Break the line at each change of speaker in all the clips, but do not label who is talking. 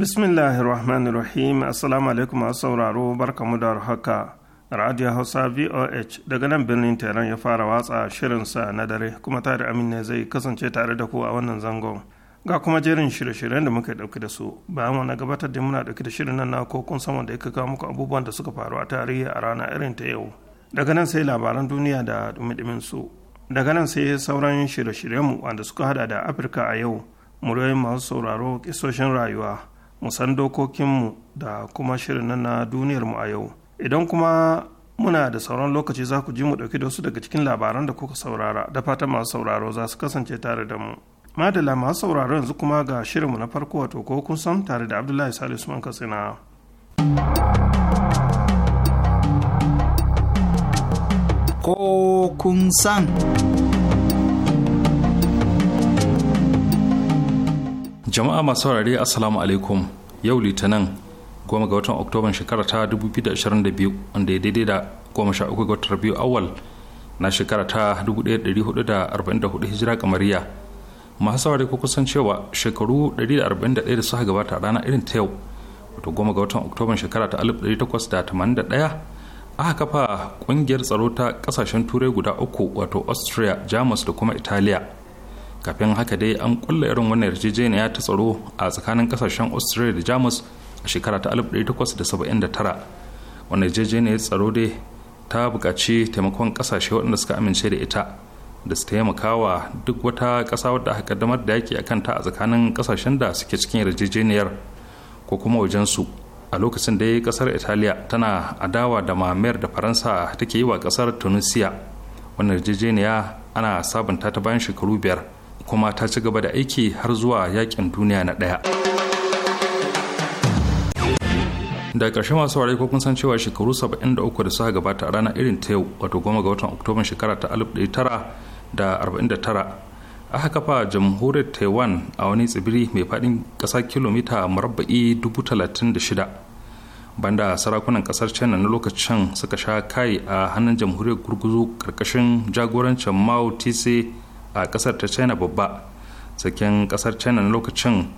Bismillahirrahmanirrahim. Assalamu alaikum masu sauraro barka, da haka. Radio Hausa VOH daga nan birnin Tehran ya fara watsa shirinsa na dare kuma tare amin ne zai kasance tare da ku a wannan zangon. Ga kuma jerin shirye-shiryen da muka dauki da su bayan wani gabatar da muna dauki da shirin nan na ko kun saman da ya kawo muku abubuwan da suka faru a tarihi a rana irin ta yau. Daga nan sai labaran duniya da dumi su. Daga nan sai sauran shirye shiryen mu wanda suka hada da Afirka a yau, muryoyin masu sauraro, kisoshin rayuwa, mu musan dokokinmu da kuma shirin nan na duniyarmu a yau idan kuma muna da sauran lokaci za ku ji mu ɗauki da wasu daga cikin labaran da kuka saurara da fatan masu sauraro za su kasance tare da mu madala masu sauraro yanzu kuma ga shirinmu na farko wato ko kun san tare da abdullahi salisu man katsina
ko kun san
jama'a masu saurare assalamu alaikum yau litinin goma ga watan oktoban shekara ta 2022 wanda ya daidai da goma sha uku ga watan biyu awal na shekara ta 1444 hijira kamariya masu saurare ko kusan cewa shekaru 141 da suka gabata a rana irin ta yau wato goma ga watan oktoban shekara ta 1881 aka kafa kungiyar tsaro ta kasashen turai guda uku wato austria jamus da kuma italiya kafin haka dai an kulla irin wannan yarjejeniya ta tsaro a tsakanin kasashen australia da jamus a shekara ta 1879 wannan yarjejeniyar tsaro dai ta buƙaci taimakon kasashe waɗanda suka amince da ita da su taimaka wa duk wata ƙasa wadda aka kaddamar da yaki a kanta a tsakanin kasashen da suke cikin yarjejeniyar ko kuma wajensu a lokacin da kasar italiya tana adawa da mamayar da faransa take yi wa kasar tunisia wannan yarjejeniya ana sabunta ta bayan shekaru biyar kuma ta ci gaba da aiki har zuwa yakin duniya na ɗaya. da ƙarshe masu wari ko kun san cewa shekaru 73 da suka gabata a ranar irin ta yau wato goma ga watan oktoba shekara ta 1949 aka kafa jamhuriyar taiwan a wani tsibiri mai faɗin ƙasa kilomita murabba'i 36 banda sarakunan ƙasar china na lokacin suka sha kai a hannun jamhuriyar gurguzu ƙarƙashin jagorancin mao tse a kasar ta china babba saken kasar china na lokacin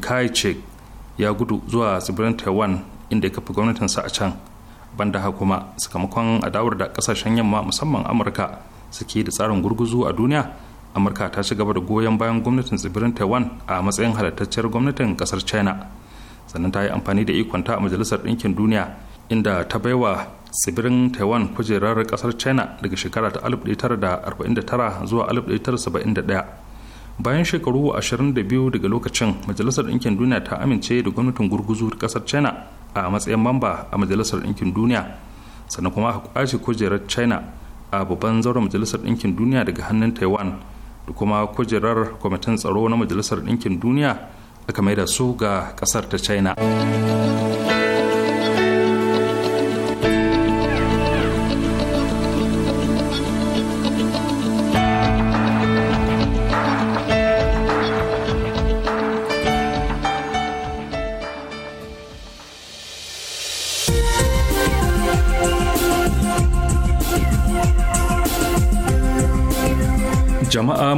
kai chek ya gudu zuwa tsibirin taiwan inda ya kafa gwamnatinsa a can banda haka kuma sakamakon adawar da kasashen yamma musamman amurka suke da tsarin gurguzu a duniya amurka ta ci gaba da goyon bayan gwamnatin tsibirin taiwan a matsayin halittacciyar gwamnatin kasar china sannan ta yi amfani da ikonta a majalisar ɗinkin duniya inda ta baiwa tsibirin taiwan kujerar kasar china daga shekara ta 1949 zuwa 1971 bayan shekaru 22 daga lokacin majalisar ɗinkin duniya ta amince da gwamnatin gurguzu kasar china a matsayin mamba a majalisar ɗinkin duniya sannan kuma a kwashe kujerar china a babban zauren majalisar ɗinkin duniya daga hannun taiwan da kuma kujerar kwamitin tsaro na majalisar ɗinkin duniya aka maida su ga kasar ta china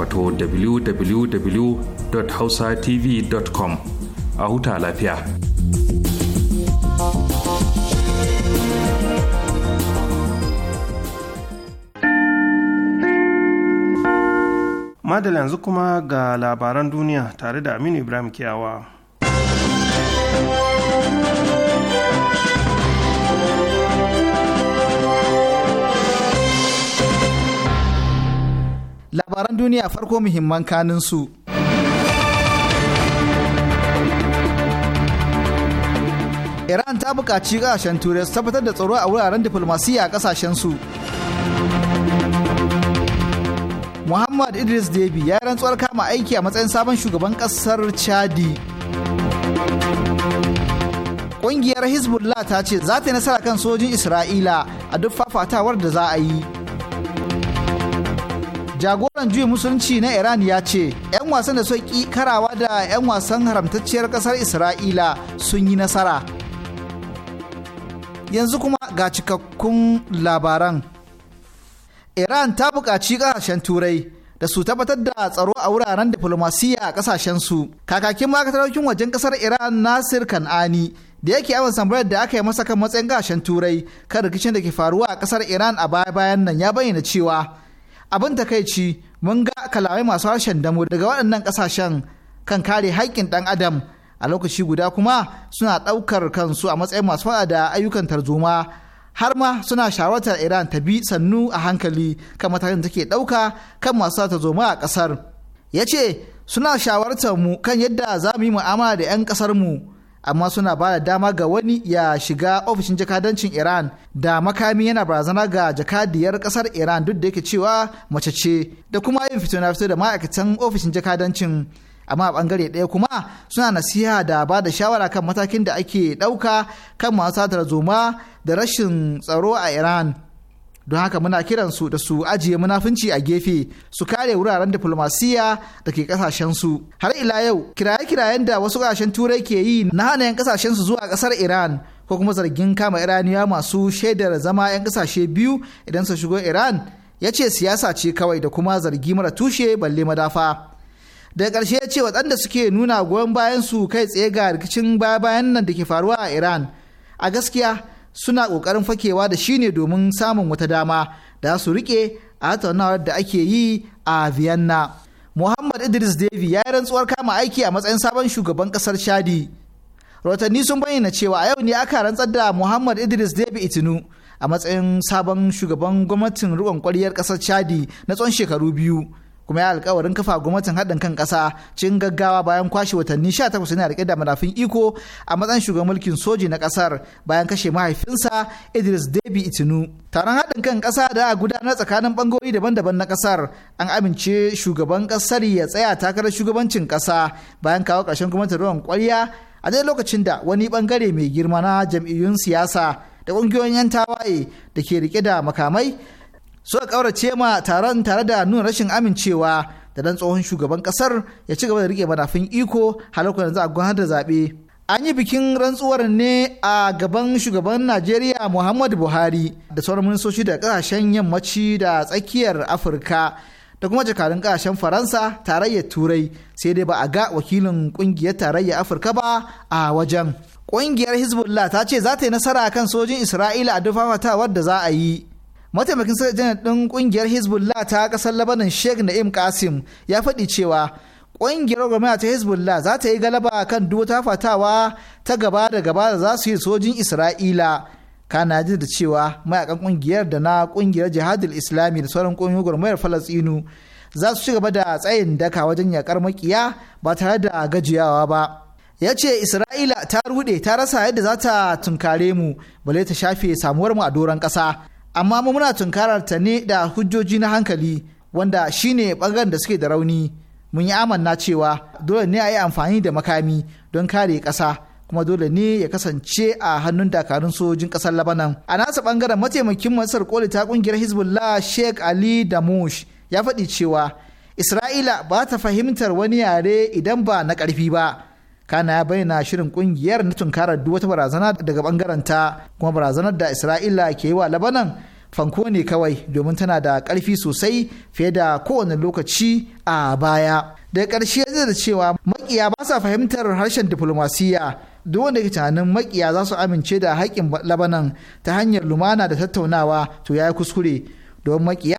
wato www.hausatv.com a huta lafiya.
Madal yanzu kuma ga labaran duniya tare da Aminu Ibrahim Kiyawa.
labaran duniya farko muhimman kanin su. Iran ta buƙaci ƙasashen Turai su tabbatar da tsaro a wuraren diflomasiyya a ƙasashen su. Muhammad Idris Debi ya yi rantsuwar kama aiki a matsayin sabon shugaban ƙasar Chadi. Ƙungiyar Hezbollah ta ce za ta yi nasara kan sojin Isra'ila a duk fafatawar da za a yi. jagoran juyin musulunci na iran ya ce 'yan wasan da suka karawa da 'yan wasan haramtacciyar kasar isra'ila sun yi nasara yanzu kuma ga cikakkun labaran iran ta buƙaci ƙasashen turai da su tabbatar da tsaro a wuraren diflomasiyya a ƙasashensu kakakin makatarokin wajen ƙasar iran nasir kan'ani da yake awon sambayar da aka yi masa kan matsayin gashen turai kan rikicin da ke faruwa a ƙasar iran a baya-bayan nan ya bayyana cewa abin takaici mun ga kalamai masu harshen damo daga waɗannan ƙasashen kan kare haƙƙin ɗan adam a lokaci guda kuma suna ɗaukar kansu a matsayin masu faɗa da ayyukan tarzoma har ma suna shawartar iran ta bi sannu a hankali kan matakin take ɗauka kan masu tarzoma a ƙasar ya ce suna shawartar mu kan yadda za mu yi mu'amala da 'yan ƙasar mu amma suna ba da dama ga wani ya shiga ofishin jakadancin iran da makami yana barazana ga jakadiyar kasar iran duk da yake cewa mace ce da kuma yin fito na fito da ma'aikatan ofishin jakadancin amma a bangare ɗaya kuma suna nasiha da ba da shawara kan matakin da ake ɗauka kan masu zoma da rashin tsaro a iran don haka muna kiransu da su ajiye munafunci a gefe su kare wuraren diplomasiya da ke kasashen su har ila yau kiraye-kirayen da wasu kasashen turai ke yi na hana 'yan kasashen su zuwa kasar iran ko kuma zargin kama iraniya masu shaidar zama 'yan kasashe biyu idan su shigo iran ya ce siyasa ce kawai da kuma zargi mara tushe balle madafa daga ƙarshe ya ce waɗanda suke nuna goyon bayan su kai tsaye ga rikicin baya-bayan nan da ke faruwa a iran a gaskiya suna ƙoƙarin fakewa da shi ne domin samun wata dama da su rike a tattaunawar da ake yi a vienna muhammad idris devi ya yi rantsuwar kama aiki a matsayin sabon shugaban ƙasar chadi rahotanni sun bayyana cewa a yau ne aka rantsar da muhammad idris devi itinu a matsayin sabon shugaban gwamnatin riƙon ƙwaryar ƙasar chadi na tsawon shekaru biyu kuma ya alkawarin kafa gwamnatin haɗin kan ƙasa cikin gaggawa bayan kwashe watanni sha 18 yana riƙe da madafin iko a matsayin shugaban mulkin soji na ƙasar bayan kashe mahaifinsa Idris debi Itinu. Taron haɗin kan ƙasa da a gudanar tsakanin ɓangarori daban-daban na ƙasar an amince shugaban ƙasar ya tsaya takarar shugabancin ƙasa bayan kawo ƙarshen gwamnatin ruwan ƙwarya a daidai lokacin da wani ɓangare mai girma na jam'iyyun siyasa da ƙungiyoyin 'yan tawaye da ke rike da makamai suka ƙaurace ma taron tare da nuna rashin amincewa da dan tsohon shugaban ƙasar ya ci gaba da rike manafin iko halakar da za a gudanar da zaɓe. An yi bikin rantsuwar ne a gaban shugaban Najeriya Muhammadu Buhari da sauran ministoci da ƙasashen yammaci da tsakiyar Afirka da kuma jakarun ƙasashen Faransa tarayyar Turai sai dai ba a ga wakilin ƙungiyar tarayyar Afirka ba a wajen. Ƙungiyar Hezbollah ta ce za ta yi nasara kan sojin Isra'ila a duk da za a yi. mataimakin janar ɗin ƙungiyar hezbollah ta ƙasar labanin sheikh na'im kasim ya faɗi cewa ƙungiyar gwamnati ta hezbollah za ta yi galaba kan duk wata fatawa ta gaba da gaba da za su yi sojin isra'ila kana ji da cewa mayakan ƙungiyar da na ƙungiyar jihadul islami da sauran kungiyar gwamnati falastinu za su ci gaba da tsayin daka wajen yakar makiya ba tare da gajiyawa ba ya ce isra'ila ta rude ta rasa yadda za ta tunkare mu bale ta shafe samuwar mu a doron ƙasa amma mu muna tunkarar ta ne da hujjoji na hankali wanda shine bangaren da suke da rauni mun yi amanna cewa dole ne a yi amfani da makami don kare ƙasa kuma dole ne ya kasance a hannun dakarun sojin ƙasar labanan a nasa bangaren mataimakin masar koli ta kungiyar hezbollah sheikh ali da mush ya faɗi cewa isra'ila ba ta fahimtar wani yare idan ba na ƙarfi ba kana ya bayyana shirin kungiyar na tunkarar duk wata barazana daga bangaren ta kuma barazanar da isra'ila ke yi wa labanan fanko ne kawai domin tana da karfi sosai fiye da kowane lokaci a baya daga ƙarshe zai da cewa makiya ba sa fahimtar harshen diflomasiyya duk wanda ke tunanin makiya za su amince da haƙƙin labanan ta hanyar lumana da tattaunawa to ya yi kuskure domin makiya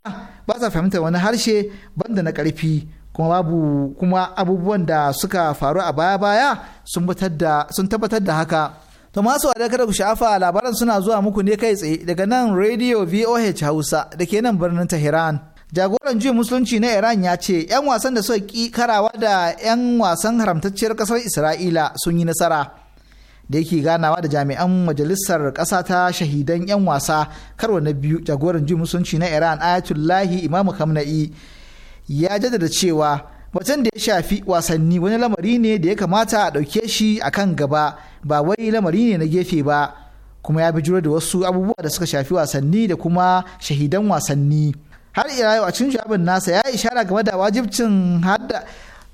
ba sa fahimtar wani harshe banda na ƙarfi kuma babu kuma abubuwan da suka faru a baya-baya sun tabbatar da haka. To masu a kada ku sha'afa labaran suna zuwa muku ne kai tsaye daga nan Radio VOH Hausa da ke nan birnin Tehran. Jagoran juyin musulunci na Iran ya ce 'yan wasan da suka ki karawa da 'yan wasan haramtacciyar kasar Isra'ila sun yi nasara. Da yake ganawa da jami'an majalisar ƙasa ta shahidan 'yan wasa karo na biyu jagoran juyin musulunci na Iran Ayatullahi Imam Kamna'i ya jaddada cewa batun da ya shafi wasanni wani lamari ne da ya kamata a ɗauke shi a kan gaba ba wai lamari ne na gefe ba kuma ya bijiro da wasu abubuwa da suka shafi wasanni da kuma shahidan wasanni har ira yau a cikin shafin nasa ya ishara game da wajibcin hada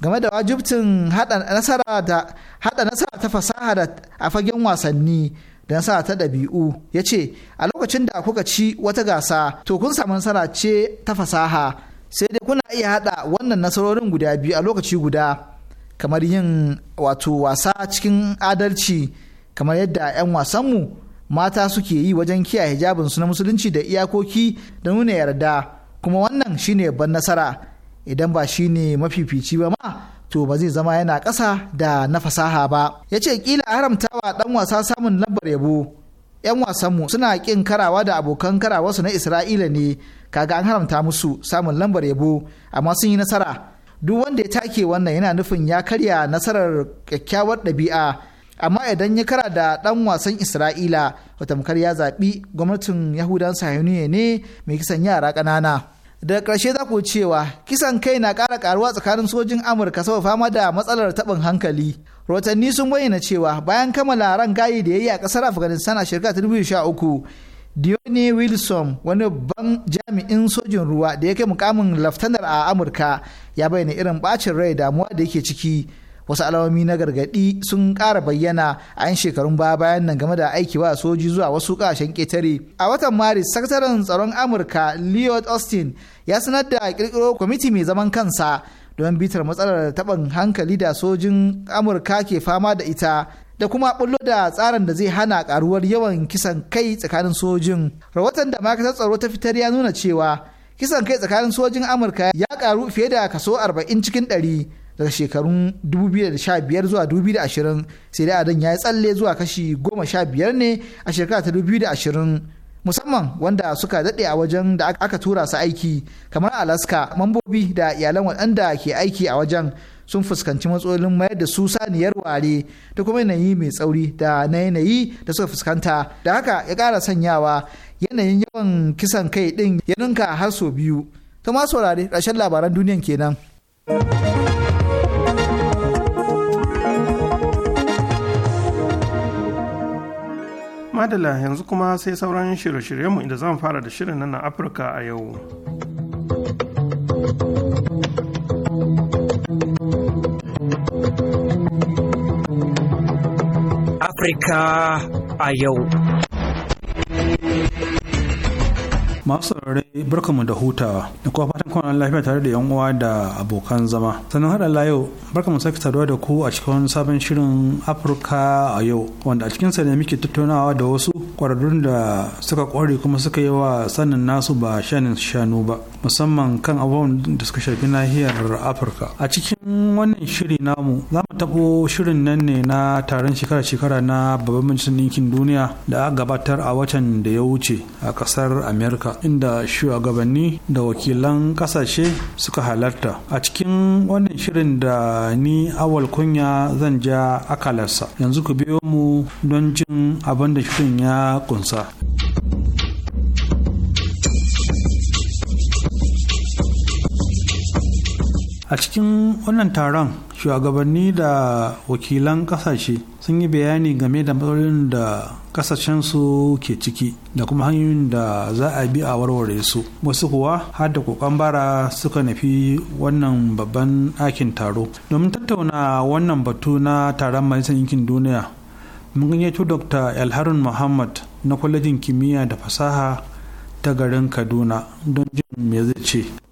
game da wajibcin hada nasara da hada nasara ta fasaha da a fagen wasanni da nasara ta dabi'u ya ce a lokacin da kuka ci wata gasa to kun samu nasara ce ta fasaha sai dai kuna iya haɗa wannan nasarorin guda biyu a lokaci guda kamar yin wato wasa cikin adalci kamar yadda 'yan wasanmu mata suke yi wajen kiyaye hijabin su na musulunci da iyakoki da nuna yarda kuma wannan shine ban nasara idan ba shine mafifici ba ma to ba zai zama yana ƙasa da na fasaha ba ya ce kila haramtawa ɗan wasa samun lambar yabo 'yan wasanmu suna ƙin karawa da abokan karawarsu na isra'ila ne kaga an haramta musu samun lambar yabo amma sun yi nasara duk wanda ya take wannan yana nufin ya karya nasarar kyakkyawar ɗabi'a amma idan ya kara da ɗan wasan isra'ila watamkar ya zaɓi gwamnatin yahudan sahiyuniya ne mai kisan yara ƙanana daga ƙarshe za ku cewa kisan kai na ƙara ƙaruwa tsakanin sojin amurka saboda fama da matsalar taɓin hankali rotanni sun bayyana cewa bayan kammala ran gayi da ya yi a ƙasar afghanistan a shekara 2013 Dione Wilson wani ban jami'in sojin ruwa da ya kai mukamin laftanar a Amurka ya bayyana irin bacin rai damuwa da yake ciki wasu alamomi na gargadi sun ƙara bayyana a 'yan shekarun baya bayan nan game da aiki wa soji zuwa wasu ƙasashen ƙetare. A watan Maris, sakataren tsaron Amurka leon Austin ya sanar da ƙirƙiro kwamiti mai zaman kansa don bitar matsalar taɓin hankali da sojin Amurka ke fama da ita da kuma bullo da tsarin da zai hana karuwar yawan kisan kai tsakanin sojin. Rahoton da ma'aikatar tsaro ta fitar ya nuna cewa kisan kai tsakanin sojin Amurka ya karu fiye da kaso 40 cikin 100 daga shekarun 2015 zuwa 2020 sai dai adan ya yi tsalle zuwa kashi 15 ne a shekara ta 2020 musamman wanda suka daɗe a wajen da aka tura su aiki kamar alaska mambobi da iyalan waɗanda ke aiki a wajen sun fuskanci matsalolin mayar da su saniyar ware da kuma yanayi mai tsauri da na yanayi da suka fuskanta da haka ya kara sanyawa yanayin yawan kisan kai ɗin ya ninka har sau biyu ta ma saurari rashen labaran duniyan kenan.
madala yanzu kuma sai sauran shirye-shiryenmu inda zan fara da shirin nan na afirka a yau.
Afirka a yau.
Masu saurare barkamu da hutawa da kuma fatan kwanan lafiya tare da uwa da abokan zama. Sannan haɗa layo barkamu sake saduwa da ku a cikin sabon shirin Afirka a yau wanda a cikinsa ne muke tattaunawa da wasu kwararrun da suka kware kuma suka yi wa sanin nasu ba shanin shanu ba musamman kan abubuwan da suka shafi nahiyar afirka a cikin wannan shiri namu za mu taɓo shirin nan ne na taron shekara-shekara na babban majalisar ɗinkin duniya da aka gabatar a watan da ya wuce a ƙasar amerika inda shugabanni da wakilan ƙasashe suka halarta a cikin wannan shirin da ni awal kunya zan ja akalarsa yanzu ku biyo mu don jin abin da shirin ya kunsa. a cikin wannan taron shugabanni da wakilan kasashe sun yi bayani game da matsalolin da kasashen su ke ciki da kuma hanyoyin da za a bi a warware su wasu kuwa har da kokon bara suka nufi wannan babban ɗakin taro domin tattauna wannan batu na taron majalisar yankin duniya mun gayyato dr elharun muhammad na kwalejin kimiyya da fasaha ta garin kaduna don jin me zai ce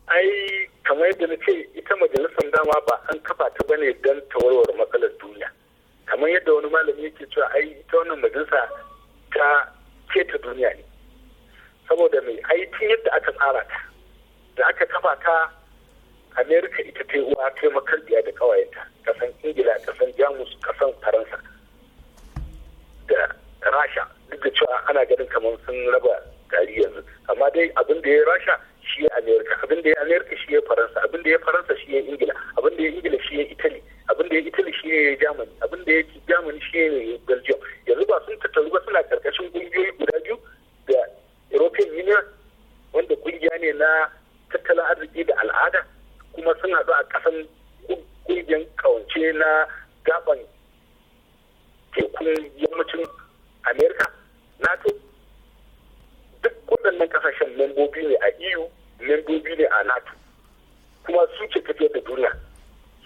dama ba an kafa ta bane don ta warware matsalar duniya kamar yadda wani malami yake cewa ai ta wannan majalisa ta keta duniya ne saboda mai ai tun yadda aka tsara ta da aka kafa ta amerika ita ta uwa taimakar biya da kawayenta kasan ingila kasan jamus kasan faransa da rasha duk da cewa ana ganin kamar sun raba gari yanzu amma dai abin da ya rasha shi ya amerika abin da ya amerika shi ya faransa abin da ya faransa shi ya ingila abin da ya ingila shi ya italy abin da ya italy shi ya germany abin da ya germany shi ya belgium yanzu ba sun tattaru ba suna karkashin kungiyoyi guda biyu da european union wanda kungiya ne na tattalin arziki da al'ada kuma suna zuwa a kasan kungiyar kawance na gaban tekun yammacin amerika nato duk waɗannan kasashen membobi ne a eu membobi ne a nato kuma su ce tafiyar da duniya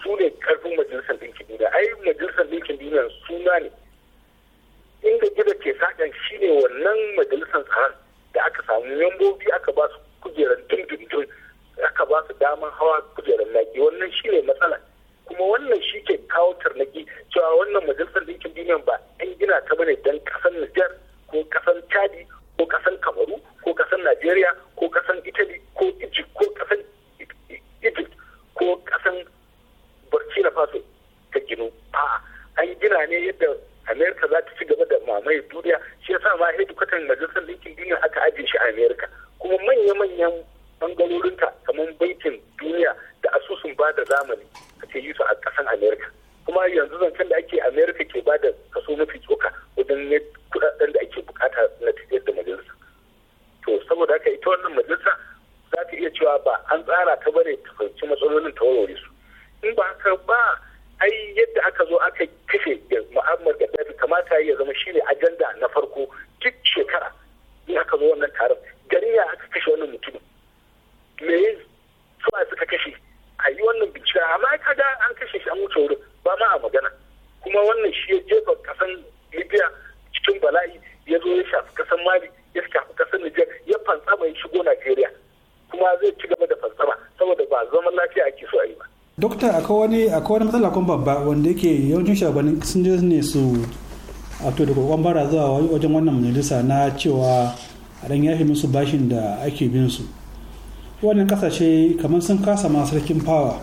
su ne karfin majalisar ɗinkin duniya ai majalisar ɗinkin duniya suna ne inda gida ke saƙan shi ne wannan majalisar tsaron da aka samu membobi aka ba su kujerar dindindin aka ba su damar hawa kujerar naki wannan shi ne matsala kuma wannan shi ke kawo tarnaki cewa wannan majalisar ɗinkin duniya ba an gina ta bane don ƙasar Nijar ko ƙasar Chadi ko kasan kamaru ko kasan najeriya ko kasan italy ko egypt ko kasan egypt ko kasan burkina faso ta ginu a an gina ne yadda america za ta ci gaba da mamaye duniya shi yasa ma hedikwatar majalisar ɗinkin duniya aka ajiye shi a america kuma manya-manyan bangarorinta kamar baitin duniya da asusun ba da zamani ake yi su a kasan america. kuma yanzu zancen da ake america ke ba da kaso mafi tsoka wajen ne kudaden da ake bukata na tafiyar da majalisa to saboda haka ita wannan majalisa za ta iya cewa ba an tsara ta bane ta fahimci matsalolin ta warware su in ba haka ba ai yadda aka zo aka kashe mu'ammar gaddafi kamata ya zama shine ajanda na farko duk shekara in aka zo wannan taron gari ya aka kashe wannan mutumin me suwa suka kashe a yi wannan bincike amma ka ga an kashe shi an wuce wurin ba ma a magana kuma wannan shi ya jefa kasan libya cikin bala'i ya zo ya shafi kasan mali ya shafi kasan nijar ya fantsama ya shigo najeriya kuma zai ci gaba da fantsama saboda ba zaman lafiya
ake so a yi ba dokta akwai wani akwai wani matsala kuma babba wanda yake yawancin shugabannin sun je ne su a to da kokon bara zuwa wajen wannan majalisa na cewa a dan yafe musu bashin da ake bin su wannan kasashe kamar sun kasa ma sarkin fawa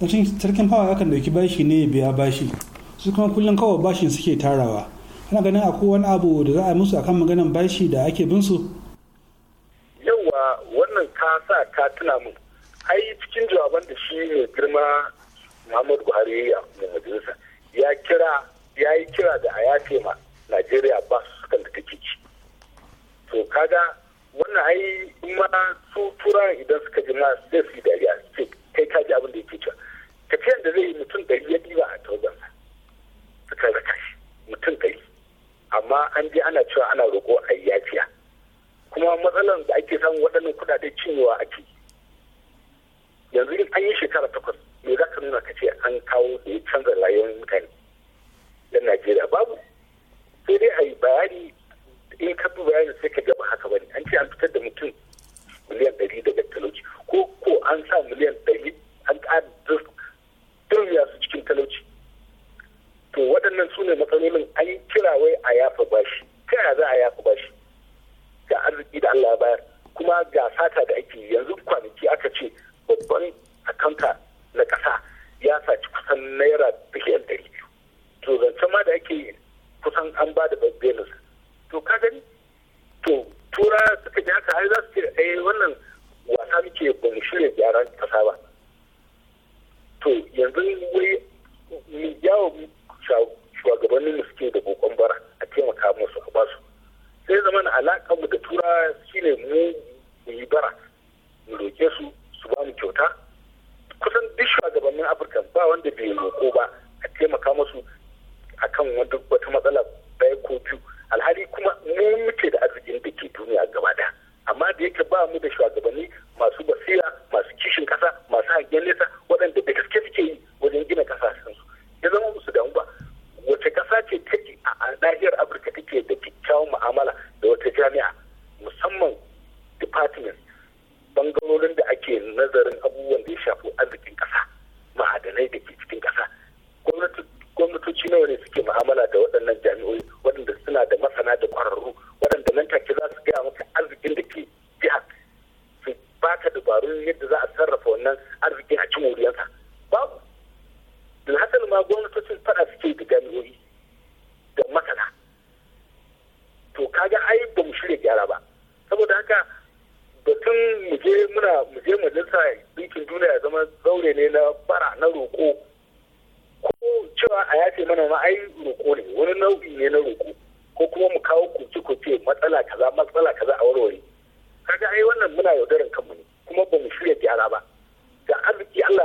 cikin sarkin fawa kan dauki bashi ne ya biya bashi su kuma kullum kawai bashin suke tarawa ana ganin a wani abu da za a yi musu akan maganan bashi da ake bin su
yawa wannan ka sa ka tuna mu ai cikin jawaban da shi ne girma muhammadu buhari ya yi majalisa ya kira ya yi kira da a yafe ma najeriya ba su sukan da kake ci to kaga wannan ai ma su turan idan suka ji ma sai su yi dariya sai kai ka ji abin da yake cewa tafiyar da zai yi mutum ɗari ya ɗiba a tawagarsa kai raka shi mutum ɗari amma an je ana cewa ana roƙo a yafiya kuma matsalar da ake samun waɗannan kuɗaɗe cinyewa ake yanzu in an yi shekara takwas me za ka nuna ka ce an kawo da ya canza rayuwar mutane da najeriya babu sai dai a yi bayani in ka bi bayani sai ka gaba haka ba ne. an ce an fitar da mutum miliyan ɗari daga talauci ko ko an sa miliyan ɗari an ƙara turmiya su cikin talauci to waɗannan su ne matsalolin an yi kira wai a yafa bashi ta yaya za a yafa bashi ga arziki da Allah ya bayar kuma ga sata da ake yanzu kwanaki aka ce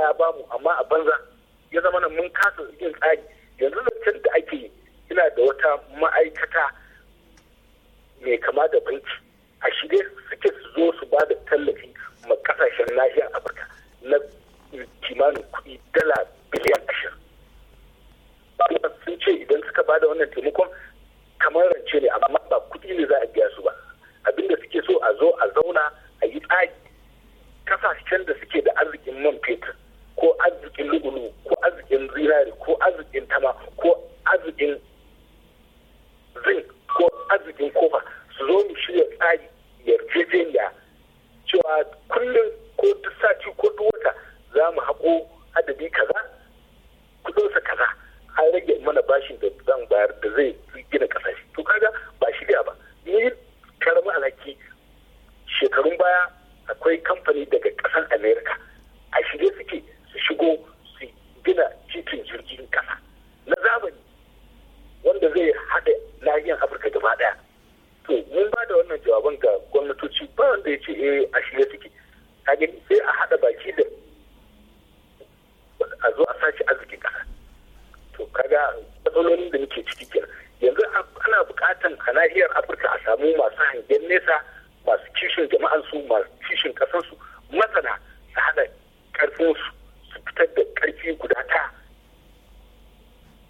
Allah ya bamu amma a banza ya zama nan mun kasa yin tsari yanzu zancen da ake yi ina da wata ma'aikata mai kama da banki a shirye suke su zo su ba da tallafi ma kasashen nahiyar afirka na kimanin kuɗi dala biliyan ashirin sun ce idan suka ba da wannan taimakon kamar rance ne amma ba kuɗi ne za a biya su ba abinda suke so a zo a zauna a yi tsari kasashen da suke da arzikin man fetur ko arzikin lugulu ko arzikin zinari ko arzikin tama ko arzikin zinc ko arzikin kofa su zo mu shirya tsari yarjejeniya cewa kullum ko duk sati ko duk wata za mu haƙo adadi kaza kudinsa kaza an rage mana bashin da zan bayar da zai gina ƙasashe to kaga ba shi shirya ba ni karamin alhaki shekarun baya akwai kamfani daga ƙasar america a shirye suke su shigo su gina titin jirgin kasa na zamani wanda zai haɗa nahiyar afirka gaba ɗaya to mun ba da wannan jawaban ga gwamnatoci ba wanda ya ce eh a shirya suke gani sai a haɗa baki da a zo a sace arzikin ƙasa to kaga matsalolin da muke ciki kenan yanzu ana buƙatan a nahiyar afirka a samu masu hangen nesa masu kishin jama'ansu masu kishin ƙasarsu masana su haɗa ƙarfinsu fitar da ƙarfi guda ta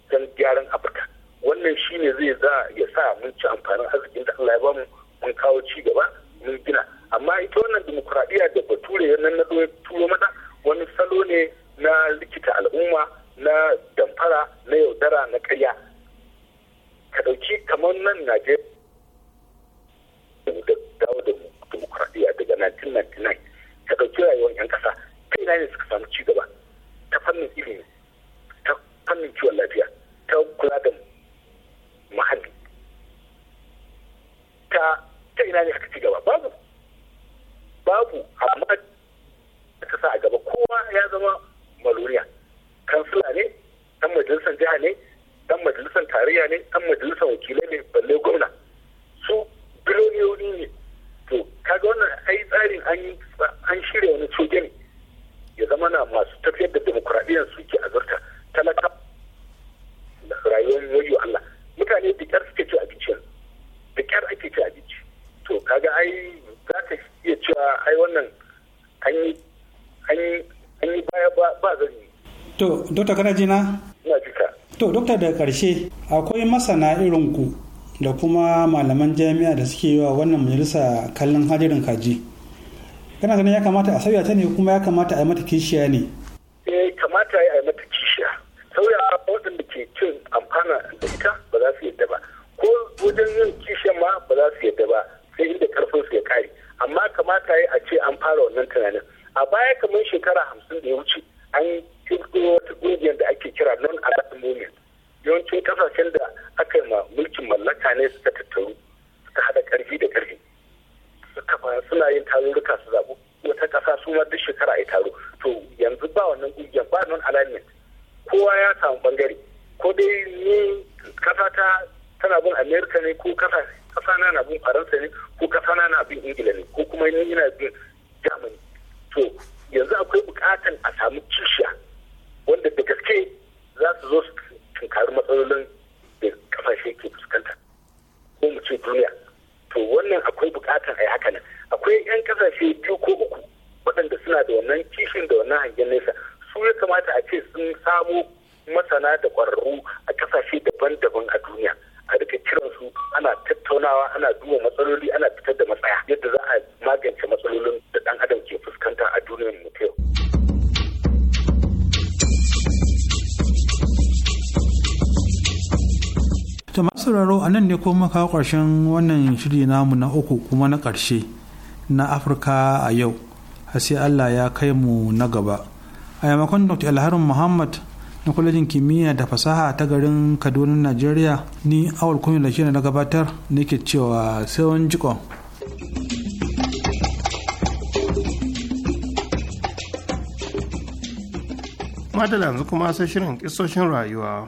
don gyaran afirka wannan shi ne zai za ya sa mun ci amfanin arzikin da allah ya bamu mun kawo ci gaba mun gina amma ita wannan dimokuraɗiyya da bature nan na turo mata wani salo ne na likita al'umma na damfara na yaudara na karya ka ɗauki kamar nan najeriya da dawo da dimokuraɗiyya daga 1999 ka ɗauki rayuwar 'yan ƙasa kai na ne suka samu ci gaba ta fannin ilimi ta fannin kiwon lafiya ta kula da muhalli ta ta ina ne aka ci gaba babu babu amma ta sa a gaba kowa ya zama maloriya kansila ne dan majalisar jiha ne dan majalisar tarayya ne dan majalisar wakilai ne balle gwamna su biloniyoyi ne to kaga wannan ai tsarin an shirya wani coge ya zama na masu tafiyar da demokuraɗiyyar suke azurta talaka rayuwar wayo Allah mutane da kyar suke ci abinci da kyar ake ci abinci to kaga ai za ka iya cewa ai wannan an yi an yi baya
ba
zani to dokta kana jina ina jika to dokta da karshe akwai masana irin ku da kuma malaman jami'a da suke yi wa wannan majalisa kallon hajirin kaji kana ganin ya kamata a sauya ta ne kuma ya kamata a yi mata kishiya ne
eh kamata a yi mata kishiya sauya waɗanda ke cin amfana da ita ba za su yadda ba ko wajen yin kishiya ma ba za su yadda ba sai inda karfin su ya kare amma kamata ya a ce an fara wannan tunanin a baya kamar shekara hamsin da ya wuce an kirkiro wata ƙungiyar da ake kira non alert movement yawancin kasashen da aka yi ma mulkin mallaka ne suka tattaru suka haɗa ƙarfi da ƙarfi su kafa suna yin tarurruka su zaɓu wata kasa su ma duk shekara ai taro to yanzu ba wannan ƙungiyar ba non alignment kowa ya samu bangare ko dai ni kasa ta tana bin america ne ko kasa kasa na na bin faransa ne ko kasa na na bin ingila ne ko kuma ni ina bin germany to yanzu akwai bukatan a samu kishiya wanda da gaske za su zo su tunkari matsalolin da kasashe ke fuskanta ko mu ce duniya to wannan akwai bukatar a yi haka nan akwai 'yan kasashe biyu ko uku waɗanda suna da wannan kishin da wannan hangen nesa su ya kamata a ce sun samo masana da ƙwararru a kasashe daban-daban a
duniya a rika kiran su ana tattaunawa ana duba matsaloli ana fitar da matsaya yadda za a magance matsalolin da ɗan adam ke fuskanta a
duniyar mu To masu sauraro a nan ne kuma kawo ƙarshen wannan shiri namu na uku kuma na ƙarshe na Afirka a yau. sai Allah ya kai mu na gaba. A yamakon Dr. Alharun Muhammad na kwalejin kimiyya da fasaha ta garin Kaduna, Najeriya ni awal kunyar da shi na gabatar nake cewa sai wani jikon.
Madala yanzu kuma sai shirin kisoshin rayuwa.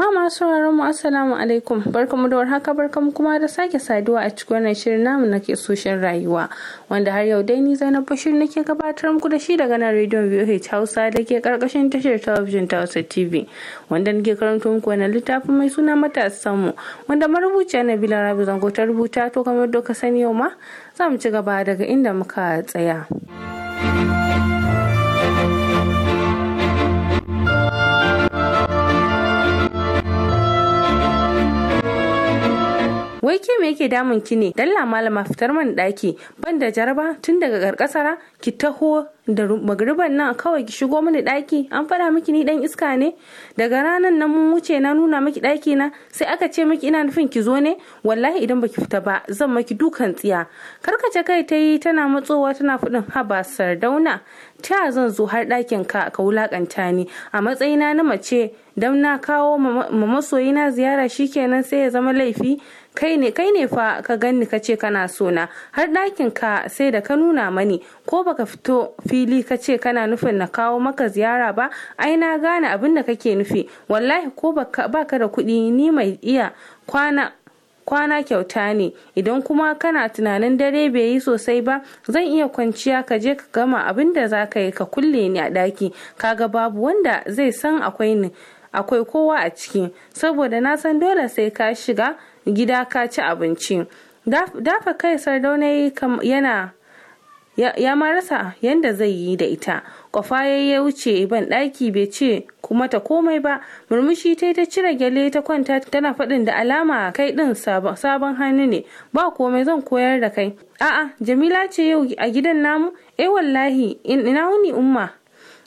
Jama'a masu sauraron mu Assalamu alaikum barkamu da warhaka barkamu kuma da sake saduwa a cikin wannan shirin namu na soshin rayuwa wanda har yau dai ni Zainab Bashir nake gabatar muku da shi daga nan rediyon VOH Hausa da ke karkashin tashar talabijin ta Hausa TV wanda nake karanto muku wannan littafin mai suna matasan mu wanda marubuciya Nabila Rabi Zango ta rubuta to kamar doka sani yau ma za mu ci gaba daga inda muka tsaya. wai ke me yake damun ki ne dalla malama fitar man daki ban da jaraba tun daga karkasara ki taho da magriban nan kawai ki shigo mini daki an fada miki ni dan iska ne daga ranan nan mun wuce na nuna miki daki na sai aka ce miki ina nufin ki zo ne wallahi idan baki fita ba zan maki dukan tsiya karkace kai ta yi tana matsowa tana fudin haba sardauna ta zan zo har dakin ka ka wulakanta ni a matsayina na mace dan na kawo ma masoyina ziyara shikenan sai ya zama laifi kai ne kai ne fa ka gani ka ce kana sona har ɗakin ka sai da ka nuna mani ko baka fito fili ka ce kana nufin na kawo maka ziyara ba ai na gane abin da kake nufi wallahi ko baka da kuɗi ni mai iya kwana kwana kyauta ne idan kuma kana tunanin dare bai yi sosai ba zan iya kwanciya ka je ka gama abin da za ka yi ka kulle ni a ɗaki kaga babu wanda zai san akwai ni akwai kowa a ciki saboda na san dole sai ka shiga gida ka ci abinci dafa kai sardauna yana ya ma rasa yadda zai yi da ita kwafa ya wuce ban ɗaki bai ce kuma ta komai ba murmushi ta ta cire gyale ta kwanta tana faɗin da alama kai ɗin sabon hannu ne ba komai zan koyar da kai a'a jamila ce yau a gidan namu eh wallahi ina wuni umma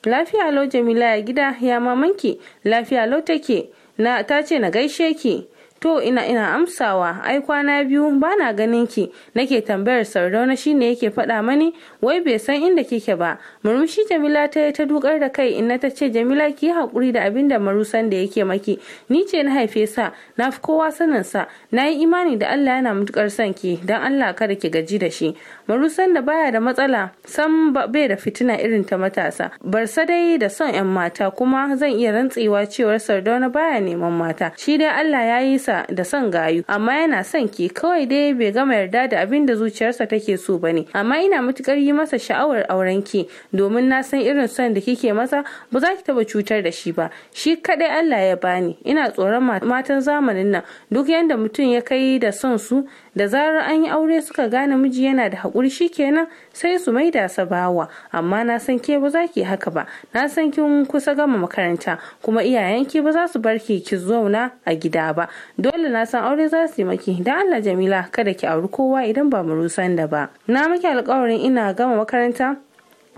lafiya lau jamila ya gida ya mamanki lafiya lau take na ta ce na gaishe ki to ina ina amsawa ai kwana biyu bana ganin ki nake tambayar sardauna shine yake faɗa mani wai bai san inda kike ba murmushi jamila ta yi ta dukar da kai inna ta ce jamila ki haƙuri da abin da marusan da yake maki ni ce na haife sa na fi kowa sanin sa na yi imani da Allah yana mutukar son ki dan Allah kada ki gaji da shi marusan da baya da matsala san bai da fitina irin ta matasa Bar sa dai da son yan mata kuma zan iya rantsewa cewar sardauna baya neman mata shi dai Allah ya yi sa sa da son gayu amma yana son ke kawai dai bai gama yarda da abin da zuciyarsa take so ne. amma ina matukar yi masa sha'awar auren ki domin na san irin son da kike masa ba za ki taba cutar da shi ba shi kadai Allah ya bani ina tsoron matan zamanin nan duk yanda mutum ya kai da son su da zarar an yi aure suka gane miji yana da haƙuri kenan sai su maida sabawa. sabawa amma na san ke ba za ki haka ba na san kin kusa gama makaranta kuma iyayenki ba za su bar ki ki zauna a gida ba dole na san aure za su yi maki dan Allah Jamila kada ki auri kowa idan ba mu rusan da ba na miki alƙawarin ina gama makaranta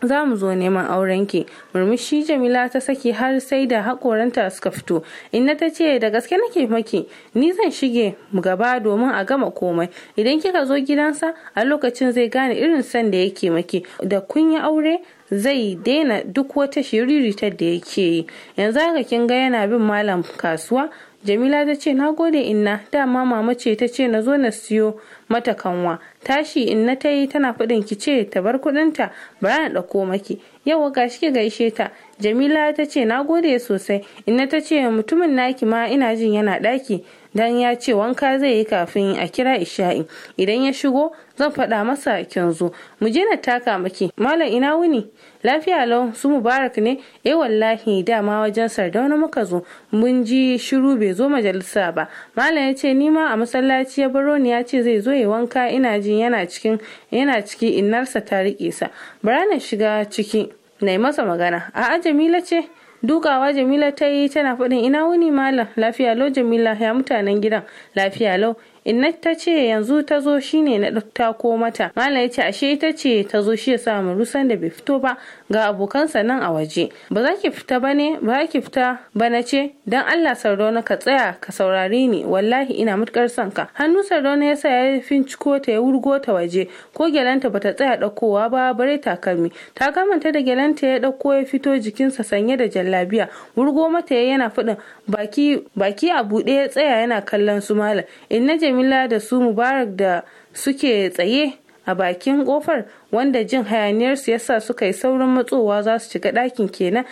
za mu zo neman auren ki murmushi jamila ta saki har sai da hakoranta suka fito inna ta ce da gaske nake maki ni zan shige gaba domin a gama komai idan kika zo gidansa a lokacin zai gane irin san da yake maki da kun yi aure zai daina duk wata shiriritar da yake yi yanzu haka kin ga yana bin malam kasuwa jamila ta ce na gode inna dama mama ce ta ce na zo na siyo mata kanwa tashi in na ta yi tana faɗin ki ce ta bar kuɗinta ba na ɗauko maki yau ga shi gaishe ta jamila ta ce na gode sosai in na ta ce mutumin naki ma ina jin yana daki. dan ya ce wanka zai yi kafin a kira isha'i idan ya shigo zan faɗa masa kin zo mu je na taka maki malam ina wuni lafiya lau su mubarak ne eh wallahi dama wajen sardauna muka zo mun ji shiru bai zo majalisa ba malam ya ce ni a masallaci ya baro ni ya ce zai zo ya wanka ina ji yana cikin yana ciki innarsa ta rike sa bara na shiga ciki na yi masa magana a'a jamila ce dukawa jamila ta yi tana faɗin ina wuni malam lafiya lau jamila ya mutanen gidan lafiya lau inna ta ce yanzu ta zo shine na ko mata malam ya ce ashe ita ce ta zo shi ya sa rusan da bai fito ba ga abokansa nan a waje ba za ki fita ba ne ba za ki fita ba na ce dan Allah sardauna ka tsaya ka saurare ni wallahi ina matukar son ka hannu sardauna ya sa ya finciko ta ya wurgo ta waje ko ba bata tsaya ɗaukowa ba bare takalmi ta kamanta da gelanta ya ɗauko ya fito jikinsa sanye da jallabiya wurgo mata yana fadin baki baki a buɗe ya tsaya yana kallon su malam inna jamila da su mubarak da suke tsaye a bakin kofar wanda jin hayaniyarsu yasa suka yi saurin matsowa za su shiga ɗakin kenan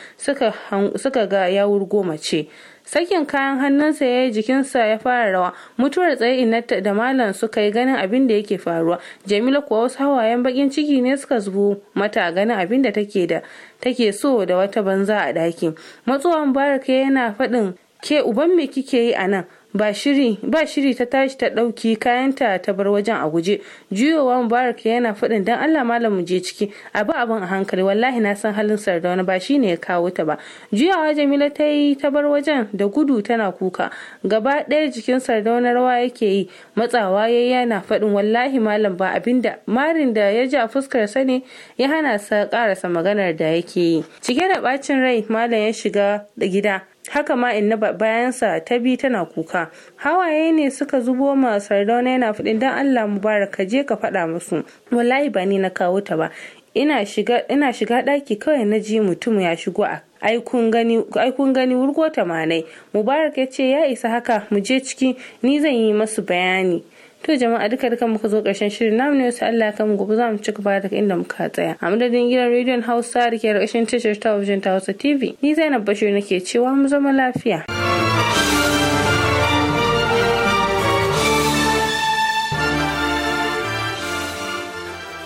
suka ga yawur goma ce. sakin kayan hannunsa ya yi jikinsa ya fara rawa mutuwar tsaye ina da malam suka yi ganin abin da yake faruwa jamila kuwa wasu hawayen bakin ciki ne suka zubo mata ganin abin da take da take so da wata banza a ɗakin matsowan baraka yana faɗin ke uban me kike yi a nan ba shiri ta tashi ta ɗauki kayanta ta bar wajen a guje juyowa mubarak yana faɗin dan allah malam mu je ciki a ba abin a hankali wallahi na san halin sardauna ba shine ya kawo ta ba juyawa jamila ta yi ta bar wajen da gudu tana kuka gaba ɗaya jikin sardauna rawa yake yi matsawa ya yana faɗin wallahi malam ba abinda marin da ya ji a fuskar sa ne ya hana sa ƙarasa maganar da yake yi cike da ɓacin rai malam ya shiga gida haka ma inna bayansa ta bi tana kuka hawaye ne suka zubo ma sardauna yana fudin dan allah mubaraka je ka fada musu wallahi ba ni na kawo ta ba ina shiga ina shiga ɗaki kawai na ji mutum ya shigo a ai kun gani wurgo ta manai mubarak ya ce ya isa haka mu je ciki ni zan yi masu bayani to jama'a duka duka muka zo karshen shirin namu ne wasu Allah kan gobe za mu ci gaba daga inda muka tsaya a madadin gidan rediyon Hausa da ke ƙarshen tashar talabijin ta Hausa TV ni Zainab Bashir nake cewa mu zama lafiya.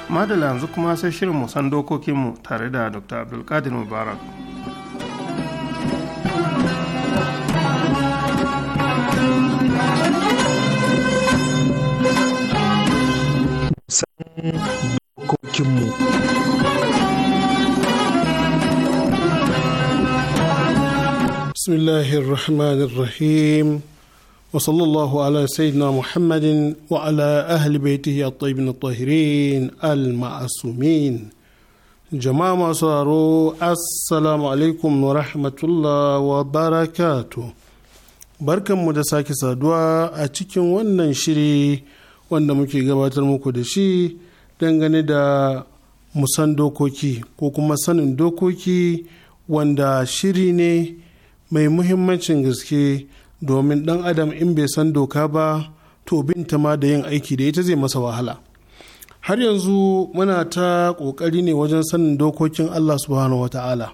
Madala
yanzu kuma sai shirin mu san dokokinmu tare da Dr. Abdulkadir Mubarak.
san
dokokinmu bismillahir rahmanir rahim wa sallallahu ala sayyidina muhammadin wa ala ahli baitihi jama'a masu sauraro assalamu alaikum wa rahmatullah wa barakatuh barkanmu da sake saduwa a cikin wannan shiri wanda muke gabatar muku da shi dangane da musan dokoki ko kuma sanin dokoki wanda shiri ne mai muhimmancin gaske domin dan adam in bai san doka ba to binta ma da yin aiki da ita zai masa wahala har yanzu muna ta ƙoƙari ne wajen sanin dokokin allah subhanahu wa ta'ala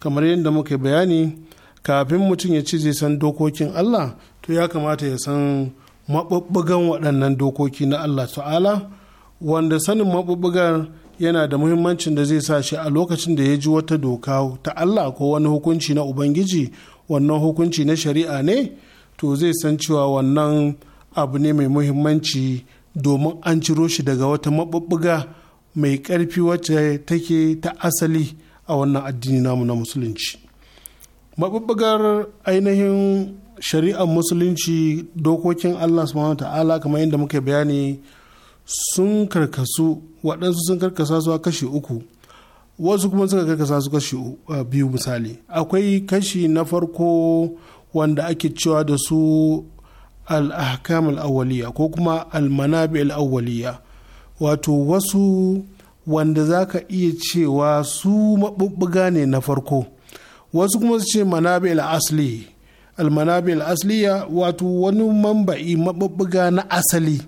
kamar yadda muka bayani kafin mutum ya ci zai san dokokin allah to ya kamata ya san maɓuɓɓugan waɗannan dokoki na Allah ta'ala wanda sanin maɓuɓɓugar yana da muhimmancin da zai sa shi a lokacin da ya ji wata doka ta Allah ko wani hukunci na Ubangiji wannan hukunci na shari'a ne to zai san cewa wannan abu ne mai muhimmanci domin an ciro shi daga wata maɓuɓɓuga mai ƙarfi wacce take ta asali a wannan addini namu na musulunci maɓuɓɓugar ainihin shari'ar musulunci dokokin allah subhanahu ta'ala kamar yadda muka bayani sun karkasu waɗansu sun karkasa su kashi uku wasu kuma suka karkasa su kashi biyu misali akwai kashi na farko wanda ake cewa da su al-ahkam ko kuma al-manabi wato wasu wanda za ka iya cewa su maɓuɓɓuga ne na farko wasu kuma su ce manabi al-asli almanabil asliya wato wani mamba'i mabubbuga na asali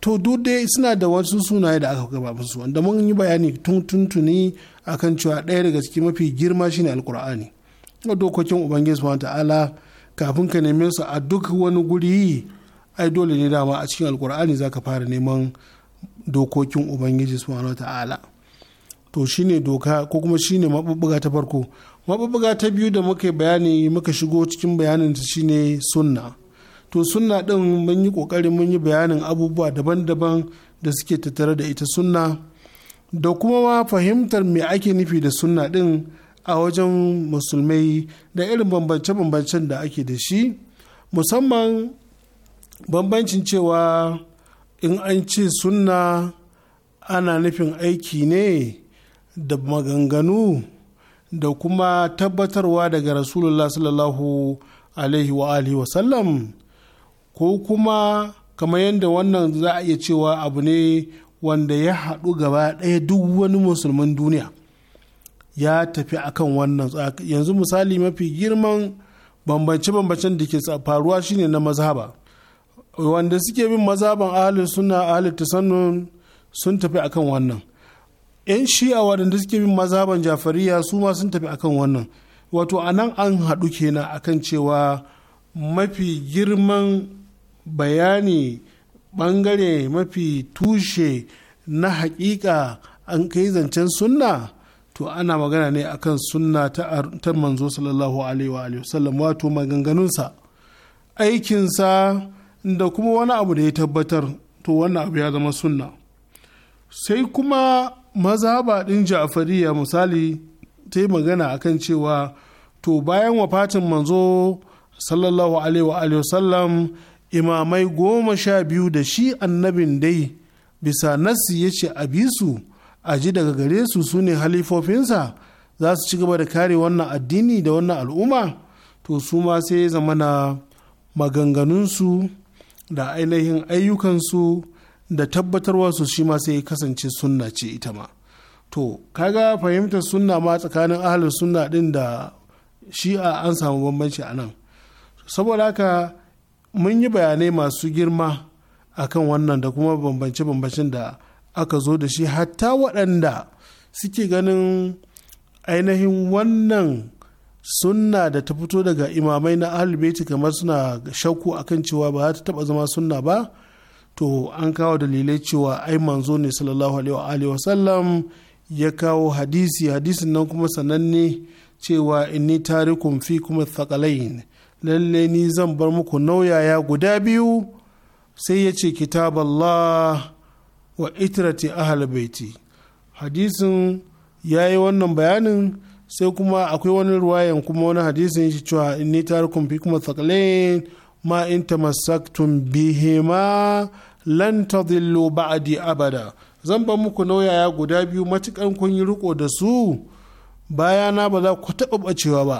to duk dai suna da wasu sunaye da aka gaba musu wanda mun yi bayani tun tuntuni akan cewa ɗaya daga cikin mafi girma shine alkur'ani a dokokin ubangiji subhanahu ta'ala kafin ka neme su a duk wani guri ai dole ne dama a cikin alkur'ani zaka fara neman dokokin ubangiji subhanahu ta'ala to shine doka ko kuma shine mabubbuga ta farko mabubuga ta biyu da muka bayani muka shigo cikin bayanin ta shine sunna to sunna ɗin mun yi ƙoƙarin mun yi bayanin abubuwa daban-daban da suke tattare da ita sunna da kuma ma fahimtar me ake nufi da sunna ɗin a wajen musulmai da irin bambance-bambancen da ake da shi musamman bambancin cewa in an ce sunna ana nufin aiki ne da maganganu da kuma tabbatarwa daga rasulullah sallallahu alaihi wa alihi wasallam ko kuma kamar yadda wannan za a iya cewa abu ne wanda ya haɗu gaba ɗaya duk wani musulmin duniya ya tafi akan wannan yanzu misali mafi girman bambance-bambancen da ke faruwa shine na mazhaba wanda suke bin mazhaban ahalin suna ahalin tasannun sun tafi akan wannan 'yan shi'a waɗanda suke bin mazaban jafariya su ma sun tafi akan wannan wato a nan an haɗu kenan akan cewa mafi girman bayani ɓangare mafi tushe na haƙiƙa an kai zancen sunna to ana magana ne akan sunna ta manzo sallallahu alaihi wa wasallam wato maganganunsa aikinsa da kuma wani abu da ya tabbatar to wannan abu ya zama sunna sai kuma Maza ba ɗin ja'fariya misali ta yi magana akan cewa to bayan wafatin manzo sallallahu alaihi wa wasallam imamai goma sha biyu da shi annabin dai bisa nassi ya ce a bisu a ji daga gare su su ne halifofinsa za su ci gaba da kare wannan addini da wannan al'umma to su ma sai zamana maganganunsu da ainihin ayyukansu da tabbatarwa su shi ma sai kasance sunna ce ita ma to kaga fahimtar sunna ma tsakanin ahalin sunna din da shi'a an samu bambanci a nan saboda haka mun yi bayanai masu girma a kan wannan da kuma bambance-bambancen da aka zo da shi hatta waɗanda suke ganin ainihin wannan sunna da ta fito daga imamai na ahalbeti kamar suna shakku akan cewa ba za ta taba zama sunna ba to an kawo dalilai cewa ai manzo ne sallallahu alaihi wa sallam ya kawo hadisi hadisin nan kuma sananne cewa inni tarikum fi kuma thaqalain lalle ni zan bar muku nauyaya guda biyu sai ya ce kitaballah wa itrati ahal baiti hadisin ya yi wannan bayanin sai kuma akwai wani ruwayan kuma wani hadisin shi cewa inni tarikum fi kuma thaqalain ma in tamassaktum bihima lan tadillu ba'adi abada zan ba muku nauyaya guda biyu matukan kun yi riko da su bayana ba za ku taɓa bacewa ba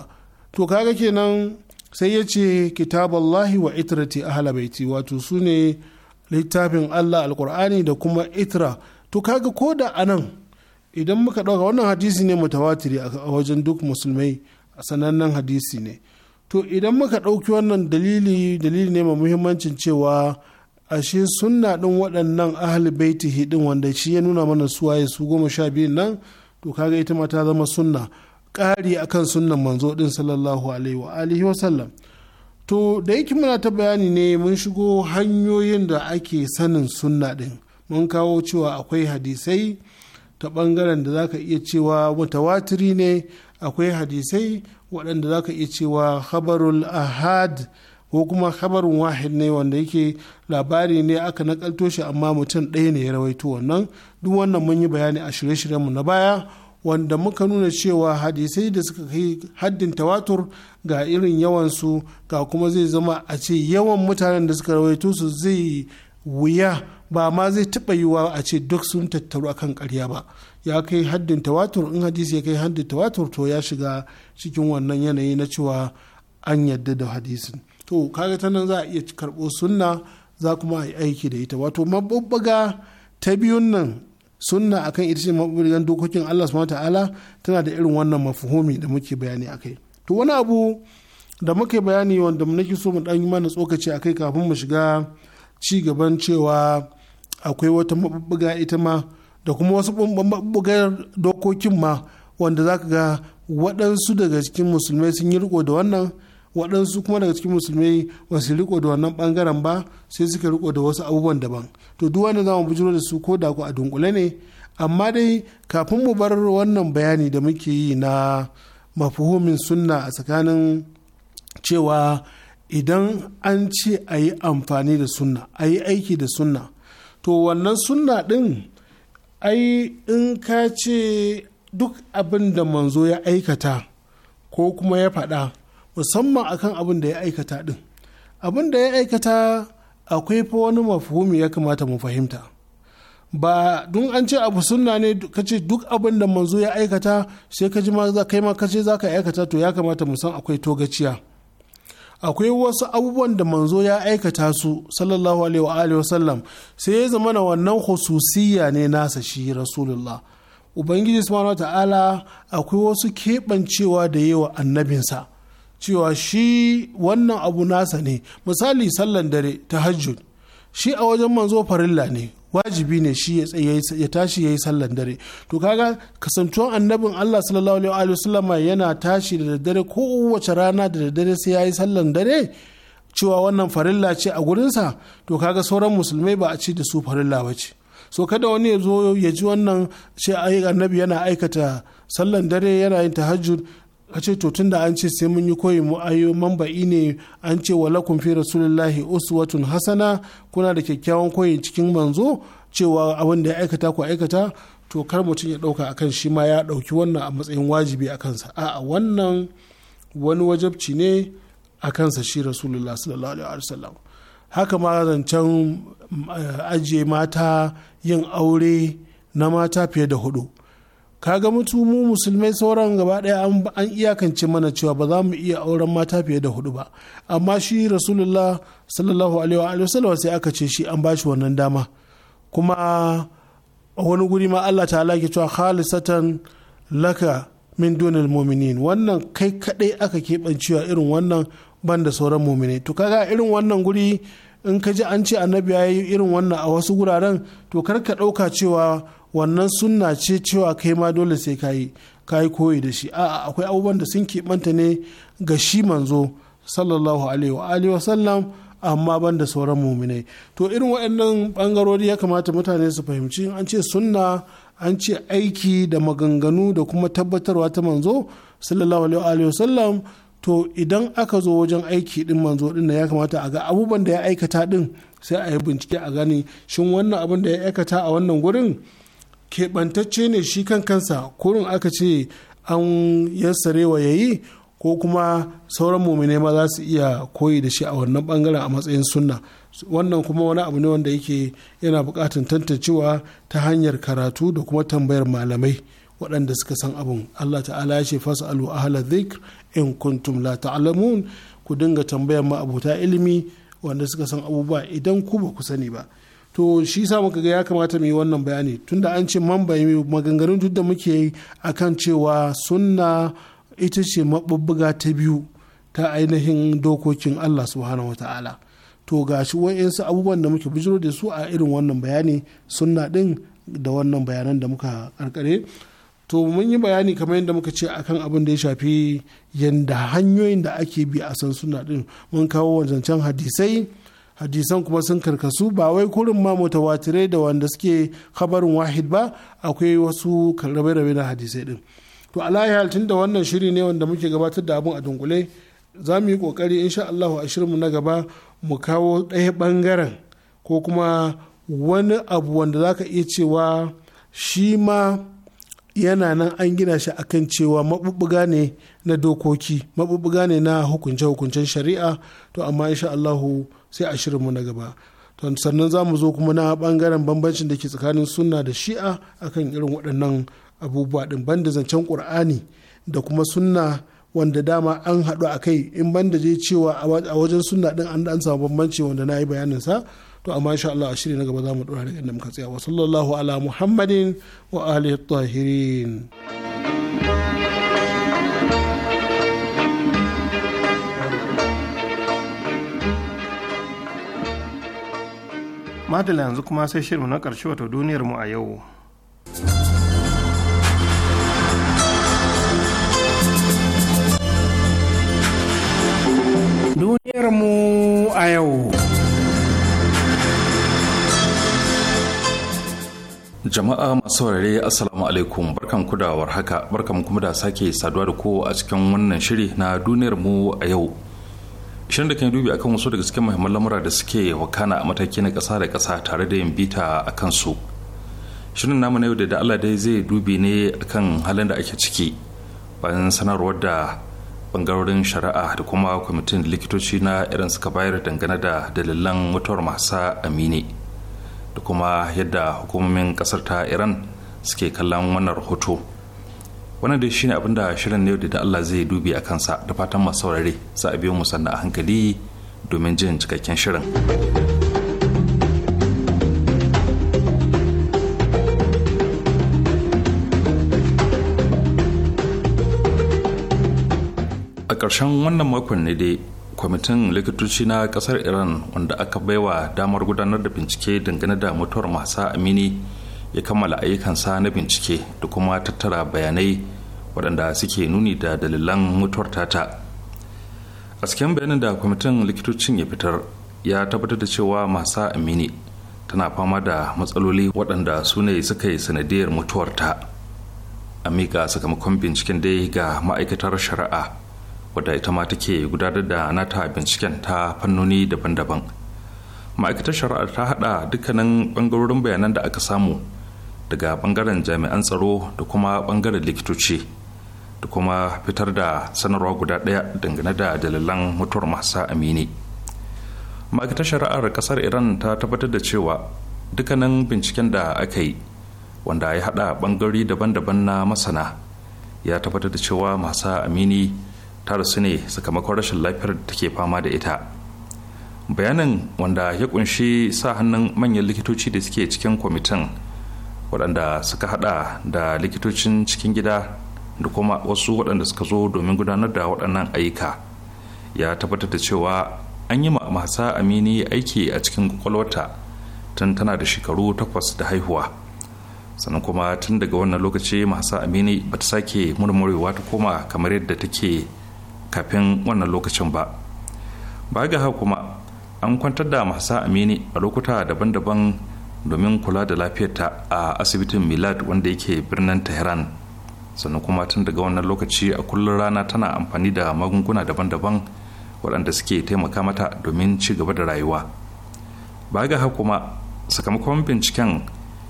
to kaga kenan sai ya ce kitaballahi wa itrati ahla baiti wato su ne littafin Allah alkur'ani da kuma itra to kaga ko da a nan idan muka ɗauka wannan hadisi ne mutawatiri a wajen duk musulmai a sanannen hadisi ne to idan muka ɗauki wannan dalili dalili ne mai muhimmancin cewa ashe sunna ɗin waɗannan ahli baiti hidin wanda shi ya nuna mana suwaye su goma sha biyu nan to kaga ita ma ta zama sunna ƙari kan sunnan manzo ɗin sallallahu alaihi wa alihi wa sallam to da yake muna ta bayani ne mun shigo hanyoyin da ake sanin sunna ɗin mun kawo cewa akwai hadisai ta ɓangaren da zaka iya cewa mutawatiri ne akwai hadisai waɗanda za ka iya cewa khabarul ahad ko kuma habarin wahid ne wanda yake labari ne aka nakalto shi amma mutum ɗaya ne ya rawaito wannan duk wannan mun yi bayani a shirye-shiryenmu na baya wanda muka nuna cewa hadisai da suka kai haddin tawatur ga irin yawan su ga kuma zai zama a ce yawan mutanen da suka rawaito su zai wuya ba ma zai taɓa yiwuwa a ce duk sun tattaru akan ƙarya ba ya kai haddin tawatur in hadisi ya kai haddin tawatur to ya shiga cikin wannan yanayi na cewa an yadda da hadisin to kaga ta nan za a iya karɓo sunna za kuma a yi aiki da ita wato mabubbuga ta biyun nan sunna akan ita ce mabubbugan dokokin Allah subhanahu ta'ala tana da irin wannan mafuhumi da muke bayani akai to wani abu da muke bayani wanda nake so mu dan yi mana tsokaci akai kafin mu shiga ci gaban cewa akwai wata mabubbuga ita ma da kuma wasu bugar dokokin ma wanda za ka ga waɗansu daga cikin musulmai sun yi riko da wannan waɗansu kuma daga cikin musulmai ba su riko da wannan ɓangaren ba sai suka riko da wasu abubuwan daban to duk wanda za mu bujiro da su ko da ku a dunkule ne amma dai kafin mu bar wannan bayani da muke yi na mafuhumin sunna a tsakanin cewa idan an ce a yi amfani da sunna a yi aiki da sunna to wannan sunna ɗin ai in ka ce duk abin da manzo ya aikata ko kuma ya faɗa musamman akan abin da ya aikata ɗin abin da ya aikata akwai fa wani mafhumi ya kamata mu fahimta ba don an ce abu sunna ne ka ce duk abin da manzo ya aikata sai ka ji ma kai ma ka ce za ka aikata to ya kamata mu san akwai togaciya akwai wasu abubuwan da manzo ya aikata su sallallahu alaihi wasallam sai ya zama na wannan hususiya ne nasa shi rasulullah ubangiji subhanahu ta'ala akwai wasu keɓancewa da yi wa annabinsa cewa shi wannan abu nasa ne misali sallan dare ta shi a wajen manzo farilla ne wajibi ne shi ya tashi ya yi sallan dare to kaga kasantuwan annabin Allah sallallahu alaihi wasallama yana tashi da daddare ko kowace rana da daddare sai ya yi sallan dare cewa wannan farilla ce a gurinsa to kaga sauran musulmai ba a ci da su farilla ba ce so kada wani ya zo ya ji wannan ce annabi yana aikata sallan dare yana yin tahajjud ka ce to tunda an ce sai mun yi koyi mu ayo mamba'i ne an ce wa lakum fi rasulillahi uswatun hasana kuna da kyakkyawan koyi cikin manzo cewa abin da ya aikata ku aikata to kar mutum ya dauka akan shi ma ya dauki wannan a matsayin wajibi a kansa a'a wannan wani wajabci ne a kansa shi rasulullah sallallahu alaihi wasallam haka ma zancen eh, ajiye mata yin aure na mata fiye da hudu kaga mutu mu musulmai sauran gaba daya an iyakance mana cewa ba za mu iya auren mata fiye da hudu ba amma shi rasulullah sallallahu alaihi wa sallam sai aka ce shi an bashi wannan dama kuma wani guri ma Allah ta'ala ke cewa khalisatan laka min dunil mu'minin wannan kai kadai aka keɓancewa irin wannan ban sauran mu'minai to kaga irin wannan guri in ka ji an ce annabi ya yi irin wannan a wasu guraren to kar ka ɗauka cewa wannan sunna ce cewa kai ma dole sai kayi yi ka koyi da shi a'a akwai abubuwan da sun keɓanta ne ga shi manzo sallallahu alaihi wa sallam amma ban da sauran muminai to irin waɗannan bangarori ya kamata mutane su fahimci an ce sunna an ce aiki da maganganu da kuma tabbatarwa ta manzo sallallahu alaihi wa sallam to idan aka zo wajen aiki din manzo din ya kamata a ga abubuwan da ya aikata din sai a yi bincike a gani shin wannan abin da ya aikata a wannan gurin keɓantacce ne shi kan kansa kurin aka ce an yassarewa ya yi ko kuma sauran muminai ma za su iya koyi da shi a wannan bangaren a matsayin sunna wannan kuma wani abu ne wanda yake yana buƙatar tantancewa ta hanyar karatu da kuma tambayar malamai waɗanda suka san abin allah ta'ala ya ce fasa alu ahala dhikr in kuntum la ta'lamun ku dinga tambayar ma ilimi wanda suka san abubuwa idan ku ba ku sani ba to shi sa muka ga ya kamata mu yi wannan bayani tunda an ce man bayani maganganun duk da muke yi akan cewa sunna ita ce mabubbuga ta biyu ta ainihin dokokin Allah subhanahu wata'ala to ga shi wa'insu abubuwan da muke bijiro da su a irin wannan bayani sunna din da wannan bayanan da muka karkare to mun yi bayani kamar yadda muka ce akan abin da ya shafi yadda hanyoyin da ake bi a san suna din mun kawo wanzancen hadisai hadisan kuma sun karkasu ba wai kurin ma mutawatirai da wanda suke kabarin wahid ba akwai wasu rabe-rabe na hadisai din to alayi tun da wannan shiri ne wanda muke gabatar da abun a dunkule za mu yi kokari insha Allah a shirinmu na gaba mu kawo ɗaya bangaren ko kuma wani abu wanda za ka iya cewa shi ma yana nan an gina shi akan cewa maɓuɓɓuga ne na dokoki maɓuɓɓuga ne na hukunce-hukuncen shari'a to amma insha Allahu sai a shirinmu na gaba sannan za mu zo kuma na ɓangaren bambancin da ke tsakanin sunna da shi'a akan irin waɗannan abubuwa ɗin banda zancen ƙur'ani da kuma sunna wanda dama an haɗu a kai in banda je cewa a wajen sunna ɗin an samu bambanci wanda na yi bayaninsa to amma insha Allah a shiri na gaba za mu dora da inda muka tsaya wa sallallahu ala muhammadin wa alihi tahirin
madala yanzu kuma sai shirin na ƙarshe wato duniyar mu a yau
duniyar mu a yau
Jama'a masu warare Assalamu alaikum barkan ku da warhaka barkan kuma da sake saduwa da ku a cikin wannan shiri na duniyar mu a yau. Shirin da kan dubi akan wasu daga cikin muhimman lamura da suke wakana a mataki na kasa da kasa tare da yin bita a kansu. Shirin namu na yau da Allah dai zai dubi ne akan halin da ake ciki bayan sanarwar da bangarorin shari'a da kuma kwamitin likitoci na irin suka bayar dangane da dalilan mutuwar masa amini. da kuma yadda hukumomin kasar ta iran suke kallon wannan rahoto wannan dai shine abinda shirin ne da allah zai dubi a kansa da fatan masu saurare za a biyo mu sannan a hankali domin jin cikakken shirin a ƙarshen wannan makon ne dai kwamitin likitoci na kasar iran wanda aka baiwa damar gudanar da bincike dangane da mutuwar masa amini ya kammala ayyukansa na bincike da kuma tattara bayanai waɗanda suke nuni da dalilan mutuwar tata a cikin bayanin da kwamitin likitocin ya fitar ya tabbatar da cewa masa amini tana fama da matsaloli waɗanda su ne suka yi sanadiyar mutuwarta a miƙa sakamakon binciken dai ga ma'aikatar shari'a wadda ita ma take gudanar da nata binciken ta fannoni daban-daban ma'aikatar shari'ar ta haɗa dukkanin ɓangarorin bayanan da aka samu daga ɓangaren jami'an tsaro da kuma ɓangaren likitoci da kuma fitar da sanarwa guda ɗaya dangane da dalilan mutuwar masa amini ma'aikatar shari'ar ƙasar iran ta tabbatar da cewa dukkanin binciken da aka yi wanda ya haɗa ɓangare daban-daban na masana ya tabbatar da cewa masa amini ta rasu ne sakamakon rashin lafiyar da take fama da ita bayanin wanda ya kunshi sa hannun manyan likitoci da suke cikin kwamitin waɗanda suka hada da likitocin cikin gida da kuma wasu waɗanda suka zo domin gudanar da waɗannan ayyuka ya tabbatar da cewa an yi masa amini aiki a cikin kwakwalwata tun tana da shekaru takwas da haihuwa sannan kuma tun daga wannan lokaci masa amini ba ta sake murmurewa ta koma kamar yadda take kafin wannan lokacin ba ba ga haka kuma an kwantar da mahsa amini a lokuta daban-daban domin kula da lafiyarta a asibitin milad wanda yake birnin tehran sannan kuma tun daga wannan lokaci a kullum rana tana amfani da magunguna daban-daban waɗanda suke taimaka mata domin ci gaba da rayuwa ba ga haka kuma sakamakon binciken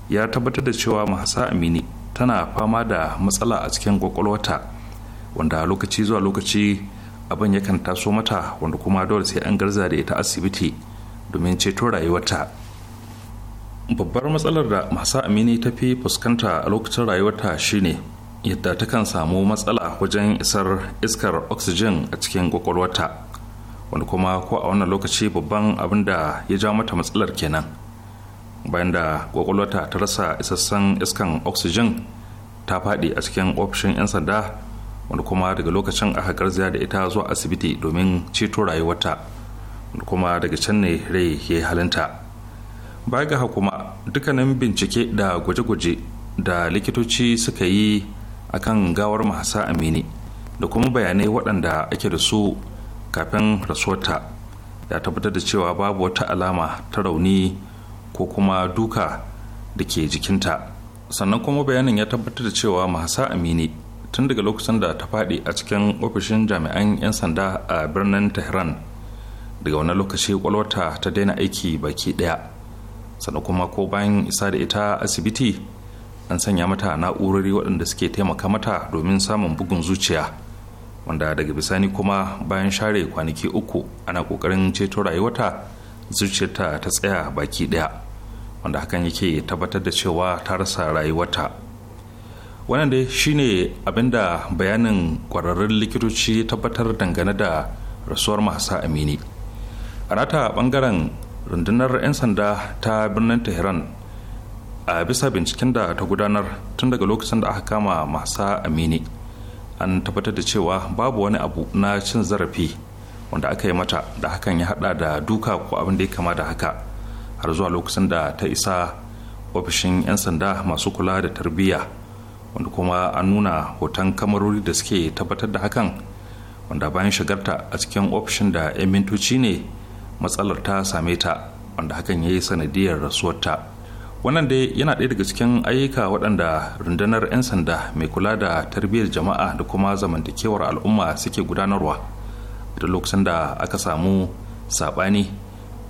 ya tabbatar da cewa mahasa amini tana fama da matsala a cikin kwakwalwata wanda lokaci zuwa lokaci abin yakan taso mata wanda kuma dole sai an garza da ita asibiti domin ceto rayuwarta babbar matsalar da masu amini ta fi fuskanta a lokacin rayuwarta shine yadda ta kan samu matsala wajen isar iskar oxygen a cikin kwakwalwata wanda kuma ko a wannan lokaci babban abin da ya ja mata matsalar kenan bayan da kwakwalwata ta rasa isassan iskan oxygen ta faɗi a cikin ofishin 'yan sanda wanda kuma daga lokacin aka garzaya da ita zuwa asibiti domin ceto rayuwarta wanda kuma daga can ne rai ya yi halinta baya ga hakuma dukkanin bincike da gwaje-gwaje da likitoci suka yi akan gawar mahasa amini da kuma bayanai waɗanda ake da su kafin rasuwarta ya tabbatar da cewa babu wata alama ta rauni ko kuma duka da ke jikinta sannan kuma bayanin ya tabbatar da cewa mahasa amini tun daga lokacin da ta faɗi a cikin ofishin jami'an 'yan sanda a birnin tehran daga wani lokaci kwalwata ta daina aiki baki ɗaya sannan kuma ko bayan isa da ita asibiti an sanya mata na'urori waɗanda suke taimaka mata domin samun bugun zuciya wanda daga bisani kuma bayan share kwanaki uku ana ƙoƙarin ceto rayuwata zuciyarta ta tsaya baki ɗaya wanda hakan yake tabbatar da cewa ta rasa rayuwarta wannan dai shine abinda bayanin kwararrun likitoci tabbatar dangane da rasuwar mahasa amini a nata bangaren rundunar 'yan sanda ta birnin tehran a bisa binciken da ta gudanar tun daga lokacin da aka kama mahasa amini an tabbatar da cewa babu wani abu na cin zarafi wanda aka yi mata da hakan ya hada da duka ko abin da ya kama da haka har zuwa lokacin da ta isa ofishin 'yan sanda masu kula da tarbiyya wanda kuma an nuna hoton kamarori da suke tabbatar da hakan wanda bayan shigarta a cikin ofishin da 'yan mintoci ne matsalar ta same ta wanda hakan ya yi sanadiyar rasuwarta wannan dai yana ɗaya daga cikin ayyuka waɗanda rundunar 'yan sanda mai kula da tarbiyyar jama'a da kuma zamantakewar al'umma suke gudanarwa da lokacin da aka samu saɓani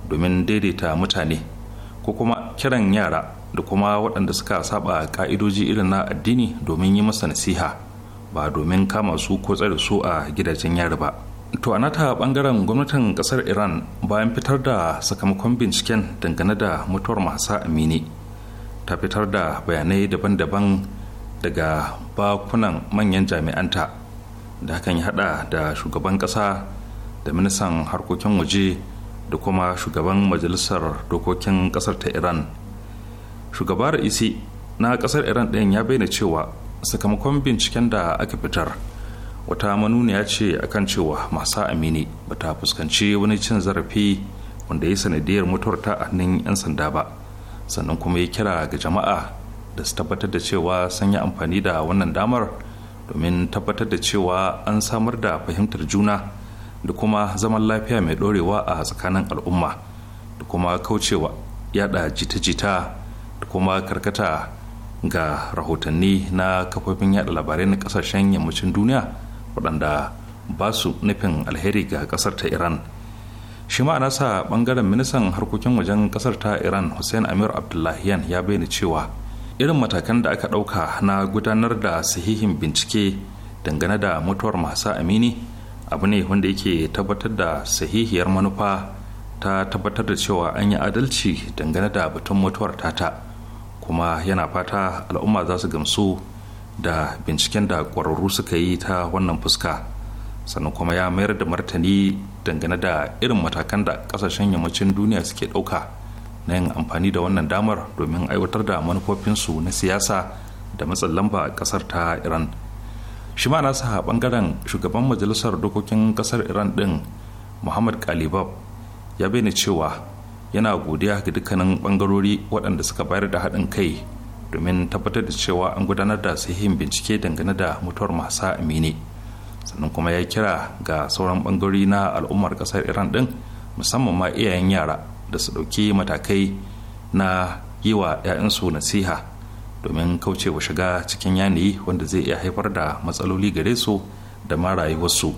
domin daidaita mutane ko kuma kiran yara da kuma waɗanda suka saba ka'idoji irin na addini domin yi masa nasiha ba domin kama su ko tsare su a gidajen yari ba to a nata bangaren gwamnatin ƙasar iran bayan fitar da sakamakon binciken dangane da mutuwar masa amini ta fitar da bayanai daban-daban daga bakunan manyan jami'anta da hakan ya haɗa da shugaban ƙasa da ministan harkokin waje da kuma shugaban majalisar dokokin ƙasar ta iran shugaba ra'isi e na kasar iran ɗayan ya bayyana cewa sakamakon binciken da aka fitar wata manuniya ce akan cewa masu amini ba ta fuskanci wani cin zarafi wanda ya sanadiyar mutuwar ta a hannun 'yan sanda ba sannan kuma ya kira ga jama'a da su tabbatar da cewa sun yi amfani da wannan damar domin tabbatar da cewa an samar da fahimtar juna da kuma zaman lafiya mai ɗorewa a tsakanin al'umma da kuma kaucewa yada jita-jita kuma karkata ga rahotanni na kafofin yada labarai na kasashen yammacin duniya waɗanda ba su nufin alheri ga ƙasar ta iran shi ma nasa ɓangaren ministan harkokin wajen ƙasar ta iran hussein amir abdullahiyan ya bayyana cewa irin matakan da aka ɗauka na gudanar da sahihin bincike dangane da mutuwar masu amini abu ne wanda yake tabbatar da sahihiyar manufa ta tabbatar da cewa an yi adalci dangane da batun mutuwar tata. kuma yana fata al'umma za su gamsu da binciken da ƙwararru suka yi ta wannan fuska sannan kuma ya mayar da martani dangane da irin matakan da ƙasashen yammacin duniya suke ɗauka na yin amfani da wannan damar domin aiwatar da manufofinsu na siyasa da matsin lamba a ƙasar ta iran shi ma nasa bangaren shugaban majalisar dokokin ƙasar iran ɗin muhammad kalibab ya bayyana cewa yana godiya ga dukkanin bangarori waɗanda suka bayar da haɗin kai domin tabbatar da cewa an gudanar da sahihin bincike dangane da mutuwar masa amini sannan kuma ya kira ga sauran bangarori na al'ummar ƙasar iran ɗin musamman ma iyayen yara da su ɗauki matakai na yi wa 'ya'yansu nasiha domin kauce wa shiga cikin yanayi wanda zai iya haifar da matsaloli gare su da ma rayuwarsu.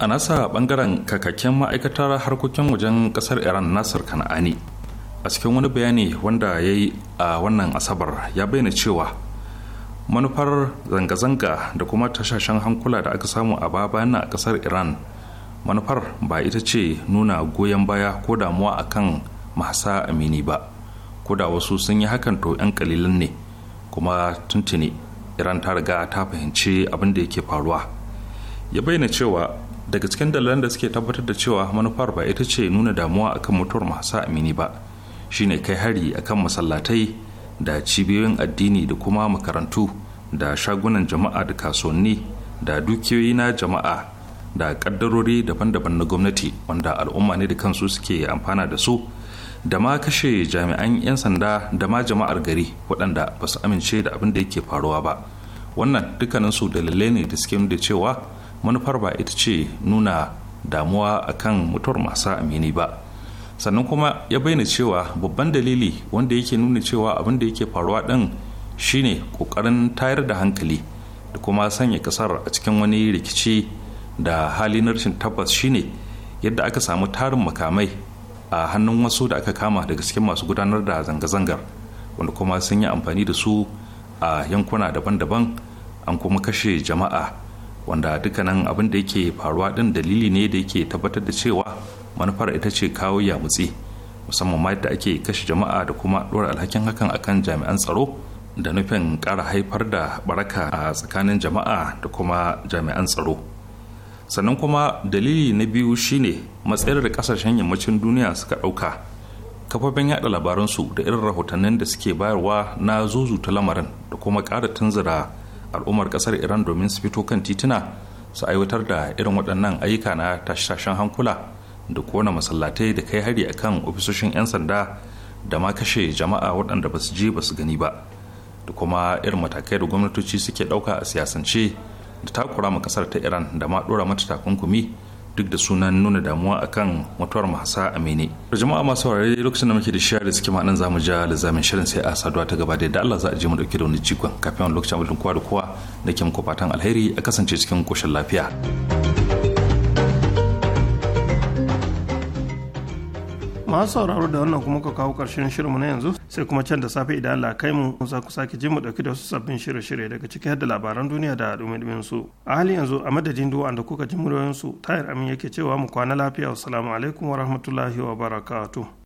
a nasa bangaren kakakken ma'aikatar harkokin wajen kasar iran nasar kana'ani a cikin wani bayani wanda ya yi a wannan asabar ya bayyana cewa manufar zanga-zanga da kuma tashashen hankula da aka samu a bayan a kasar iran manufar ba ita ce nuna goyon baya ko damuwa akan masa amini ba ko da wasu sun yi hakan to 'yan kalilan ne kuma tuntuni iran ta riga ta fahimci abin da yake faruwa ya bayyana cewa daga cikin dalilan da suke tabbatar da cewa manufar ba ita ce nuna damuwa akan mutuwar masu amini ba shine kai hari akan masallatai da cibiyoyin addini da kuma makarantu da shagunan jama'a da kasuwanni da dukiyoyi na jama'a da kaddarori daban-daban na gwamnati wanda al'umma ne da kansu suke amfana da su da ma kashe jami'an 'yan sanda da ma jama'ar gari waɗanda ba su amince da abin da yake faruwa ba wannan dukkaninsu dalilai ne da suke nuna cewa manufar ba ita ce nuna damuwa akan mutuwar masu amini ba sannan kuma ya bayyana cewa babban dalili wanda yake nuna cewa abin da yake faruwa ɗin shine ƙoƙarin tayar da hankali da kuma sanya kasar a cikin wani rikici da hali na rashin tabbas shine yadda aka samu tarin makamai a hannun wasu da aka kama daga cikin masu gudanar da zanga-zangar wanda kuma sun yi amfani da su a yankuna daban-daban an kuma kashe jama'a wanda dukkanin abin da yake faruwa din dalili ne da yake tabbatar da cewa manufar ita ce kawo yamutse musamman ma yadda ake kashe jama'a da kuma ɗora alhakin hakan akan jami'an tsaro da nufin ƙara haifar da baraka a tsakanin jama'a da kuma jami'an tsaro sannan kuma dalili na biyu shine matsayar da kasashen yammacin duniya suka ɗauka kafafen yaɗa labaransu da irin rahotannin da suke bayarwa na zuzu ta lamarin da kuma ƙara tunzura al'ummar kasar iran domin su fito kan tituna su aiwatar da irin waɗannan ayyuka na tashe hankula da kona masallatai da kai hari akan ofisoshin 'yan sanda da ma kashe jama'a waɗanda ba su je ba su gani ba da kuma irin matakai da gwamnatoci suke ɗauka a siyasance da takura ma kasar ta iran da ma ɗora mata takunkumi duk da sunan nuna damuwa akan mutuwar mahasa amini da jama'a masu saurare lokacin da muke da shiyar da suke ma'anan zamu ja lizamin shirin sai a saduwa ta gaba da yadda Allah za a je mu dauke da wani jikon kafin wani lokacin abin kowa da kowa da ke muku fatan alheri a kasance cikin koshin lafiya.
masu sauraro da wannan kuma ka kawo karshen shirinmu na yanzu sai kuma can da safe idan Allah kai mu za ku sake jin mu dauki da wasu sabbin shirye-shirye daga ciki da labaran duniya da dumin su a halin yanzu a madadin duwan da kuka ji muryoyin su tayar amin yake cewa mu kwana lafiya assalamu alaikum wa rahmatullahi wa barakatuh